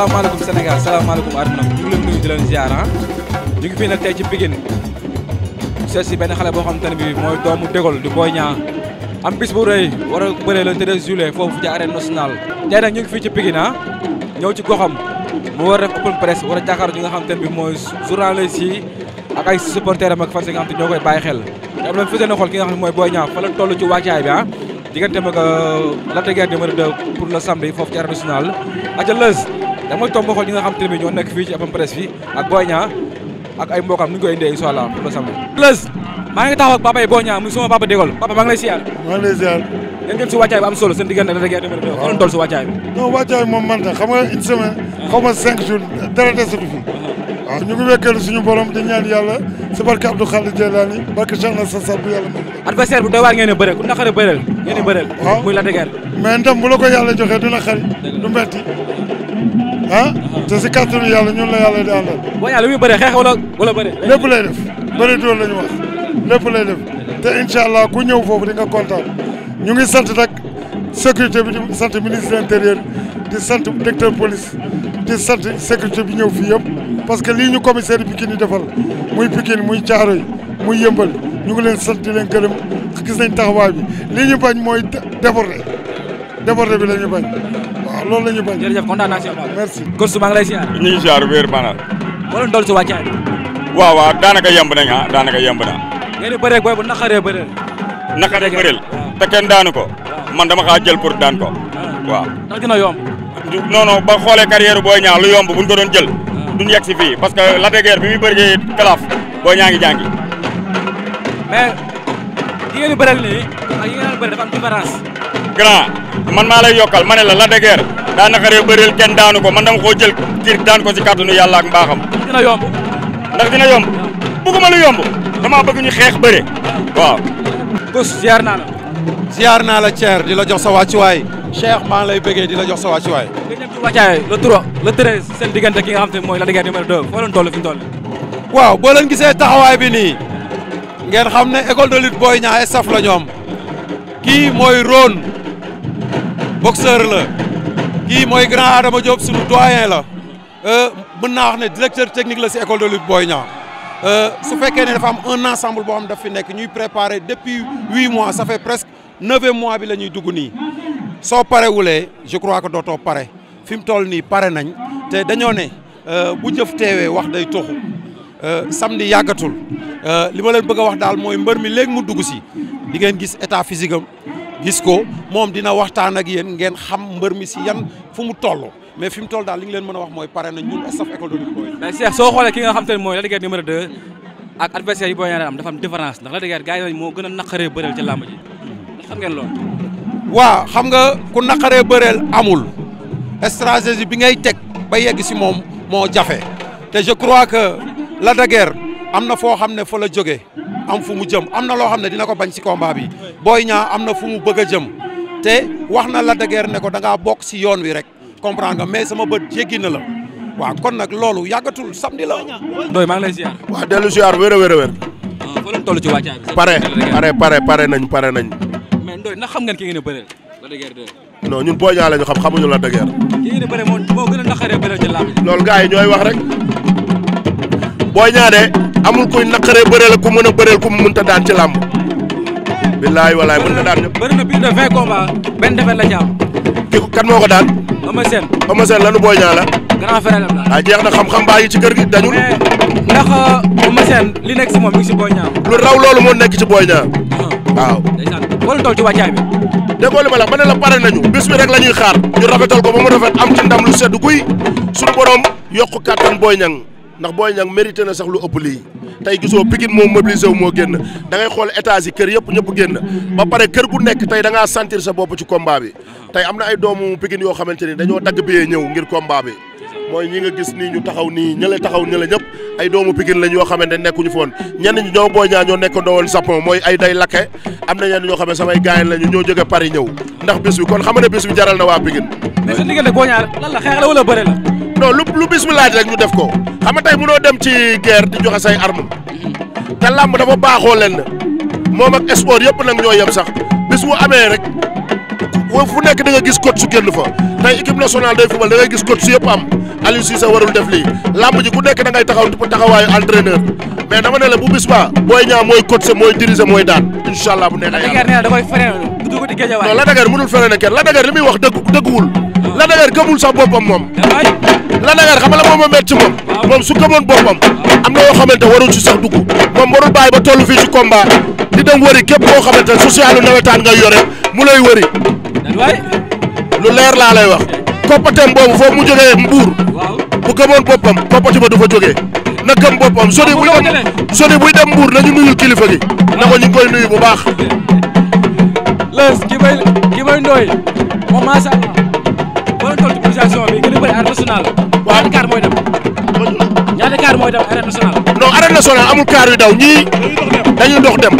salaamaaleykum Sénégal salaamaaleykum àdduna ñu ngi leen nuyu di leen ah. ñu ngi fii nag tey ci Pikine seet si benn xale boo xam te ne bi mooy doomu Dégol di Boy Niang am bis bu rëy war a bëree le 13 juillet foofu ci arène tey nag ñu ngi fii ci Pikine ah ñëw ci goxam mu war a def open press war a jàkkaarloo ñi nga xam te bi mooy journaliste yi ak ay supporters am ak fans nga xam te ñoo koy bàyyi xel te am na fi seen xool ki nga xam ne mooy Boy Niang fa la toll ci wàccaay bi ah digganteem ak ah, Lac de Guiers numéro 2 pour le samedi foofu ci arène nationale aca damay tomb xool ñi nga xam te ne ñoo nekk fii ci open press ak Boy ak ay mbokkam nu ñu koy indee incha allah pour maa ngi taxaw ak papa yi Boy Niang muy sama papa Dégol papa ngi si wàccaay bu am solo seen diggante da ngeen demee xoolal toll si ñu ngi di ñaan yàlla si barke Abdou Khalid Jeylaani barke Cheikh na sa yàlla mën adversaire bu doy ngeen di bëreel ku naqare bëreel ngeen di bëreel muy la dëgër mais ndam bu la ko ah te si kàttanu yàlla ñun la yàlla di àndal. booy yàlla lu muy bëree xeex wala wala bëri. lépp lay def bëri doon la ñu wax lépp lay def te incha allah ku ñëw foofu di nga kontaan ñu ngi sant nag sécurité bi di sant ministre de l'intérieur di sant directeur police di sant sécurité bi ñëw fii yëpp parce que lii ñu commissaire Pikine i defal muy Pikine muy Thiaroye muy yëmbal ñu ngi leen sant di leen gërëm gis nañ taxawaay bi lii ñu bañ mooy déborder déborder bi la bañ. waaw loolu la ñu bañ. jërëjëf kontaan naa si yow daal merci. Kors maa ngi lay ziar. ñu ngi ziar wér maanaam. wala ndol si wàccaay bi. waaw waaw daanaka yemb nañ ah daanaka yemb na. ngeen di bëree booy bu naqaree te kenn daanu ko. man dama xaa jël pour daan ko. waaw ndax dina yomb. non non ba xoolee carrière booy ñaar lu yomb buñ ko doon jël. duñ yegg si fii parce que la bi muy bëree kalaaf booy ñaa ngi jàngi. mais di bëreel nii ak yi di bëreel dafa am différence grand man maa lay yokkal ma ne la la degeer daa naqaree bëreel kenn daanu ko man dama koo jël kii daan ko si kàttanu yàlla ak mbaaxam. dina yomb. ndax dina yomb bëgguma lu yomb damaa bëgg ñu xeex bëre waaw. Gus ziar naa la. ziar naa la Thierre di la jox sa wàccuwaay Cheikh maa lay bëggee di la jox sa wàccuwaay. nga ñëw ci wàccaay le seen diggante ki nga xam te mooy la degeer numéro 2 foo leen toll fi mu waaw boo leen gisee taxawaay bi nii ngeen xam ne école de lutte booy ñaa staff la ñoom kii mooy Rhone. boxeur la kii mooy grand Adama Diop sunu doyen la euh, mën naa wax ne directeur technique la si école de lutte Boy Niang euh, su fekkee ne dafa am un ensemble boo xam daf fi nekk ñuy préparer depuis huit mois ça fait presque neuvième mois bi la ñuy dugg nii soo parewulee je crois que dootoo pare fi mu toll nii pare nañ te dañoo ne euh, bu jëf teewee wax day toxu samedi yàggatul li ma leen bëgg a wax daal mooy mbër mi léegi mu dugg si di ngeen gis état physique gis ko moom dina waxtaan ak yéen ngeen xam mbër mi si yan fu mu toll mais fi mu toll daal li ñu leen mën a wax mooy pare na ñun staff école de lutte booy. mais Cheikh soo xoolee ki nga xam te ne mooy Lac de Guiers numéro 2 ak adversaire yi booy ñaareel am dafa am différence ndax Lac de Guiers gars moo gën a naqaree bëreel ci làmb ndax xam ngeen loolu. waa xam nga ku naqaree bëreel amul stratégie bi ngay teg ba yegg si moom moo jafe te je crois que Lac de am na foo xam ne fa la jógee. am fu mu jëm am na loo xam ne dina ko bañ si combat bi booy ñaa am na fu mu bëgg a jëm te wax na la dageer ne ko da bokk si yoon wi rek comprendre nga mais sama bët jéggi na la waaw kon nag loolu yàggatul di la. doy maa ngi lay ziar. waaw dellu a wér a wér. Ah, fa leen toll ci wàccaay bi. pare pare pare pare nañ pare nañ. mais Ndoye ndax xam ngeen ki ngeen di bëreel la dageer de. non ñu xam xamuñu la dageer. ki ngeen di yi ñooy wax rek. Boy Niang de amul kuy naqaree bëreel ku mën a bëreel ku mu mënta daan ci làmb. billaay walaay mën na daan ñëpp. bëri na plus de vingt combats benn defet la ci am. kii kat moo ko daan. Eumeu Sène. lanu Boy Niang la. grand am ah, jeex na xam-xam baa ngi ci kër gi dañul. Eh, ndax euh, Eumeu Sène li nekk si moom mi ngi si Boy Niang. lu raw moo nekk ci Boy Niang. Uh-huh. waaw. wala tool ci wàccaay bi. déggoo li ma la ma ne la pare nañu bis bi rek la ñuy xaar. ñu rafetal ko ba mu rafet am ci ndam lu sedd guy suñu ndax booy Niang mérité na sax lu ëpp lii tey gisoo Pikine moom mobilisé wu moo génn da ngay xool états yi kër yëpp ñëpp génn ba pare kër gu nekk tey da ngaa sentir sa bopp ci combat bi tey am na ay doomu Pikine yoo xamante ni dañoo dagg biyee ñëw ngir combat bi mooy ñi nga gis ni ñu taxaw nii ña la taxaw ña la ñëpp ay doomu Pikine lañ yoo xamante ne nekkuñu foon ñenn ñi ñoo Boy Niang ñoo nekkandoo woon Japon mooy ay day lakke am na ñenn ñoo xam ne samay gaañ lañu ñoo jóge Paris ñëw ndax bis bi kon xam nga ne bis bi jaral na waa Pikine mais sa diggante Boy Niang lan la xeex lu lu bis laaj rek ñu def ko xam nga tey mënoo dem ci guerre di joxe say arme te làmb dafa baaxoo leen moom ak sport yëpp nag ñoo yem sax bis mu amee rek fu nekk da nga gis coach su génn fa tey équipe nationale day football da gis coach su yëpp am Aliou Cissé warul def lii làmb ji ku nekk da ngay taxaw taxawaayu entraîneur mais dama ne la bu bis ba booy ñaa mooy coach sa mooy diriger mooy daan incha allah bu neexee yàlla. da koy freiné du ko di géej la dagar mënul freiné kenn la dagar li muy wax dëgg dëgguwul ah. la dagar gëmul sax boppam moom la dagar xam nga la moom a métti moom su gëmoon boppam am na yoo xamante warul ci sax dugg moom warul bàyyi ba toll fii ci combat di dem wëri képp koo xamante socialu nawetaan ngay yore mu lay wëri lu leer laa lay wax koppateem boobu foofu mu jógee mbuur bu gëmoon boppam koppati ba du fa jógee na gëm boppam soni buy dem soni buy dem mbuur nañu nuyul kilifa na ko ñu ngi koy nuyu bu baax lees ki bay ki bay ndooy moom macha allah boo a kaar mooy daw arène nationale. non arène nationale amul kaar yu daw ñii. dañuy dox dem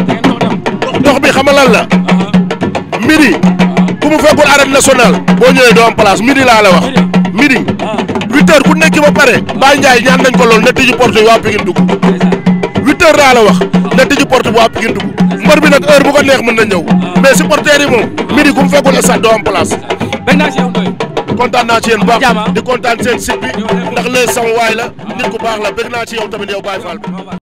dox bi xamal lan la. Uh-huh. midi. Uh-huh. ku mu fekkul arène nationale. boo ñee doo am place midi laa la wax. midi uh-huh. huit heures ku nekk ba pare. Baye Ndiaye ñaan nañ ko lool na tëji porte yi waa Pikine dugg. huit heures laa la wax. na tëji porte bi waa Pikine dugg. mbër bi nag heure bu neex mën na ñëw. mais supporters yi moom. midi ku mu fekkul ne sax doo am place. kontaan naa ci di kontaan seen site ndax lee sama waay la nit ku baax la bëgg naa ci yow tamit yow Baye Fall bi